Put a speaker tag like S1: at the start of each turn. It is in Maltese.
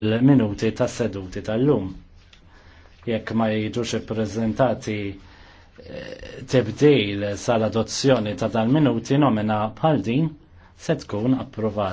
S1: l-minuti ta' seduti tal-lum. Jekk ma jiġux ippreżentati eh, tibdil sal-adozzjoni ta' dal-minuti nomina bħal
S2: din se tkun approvata.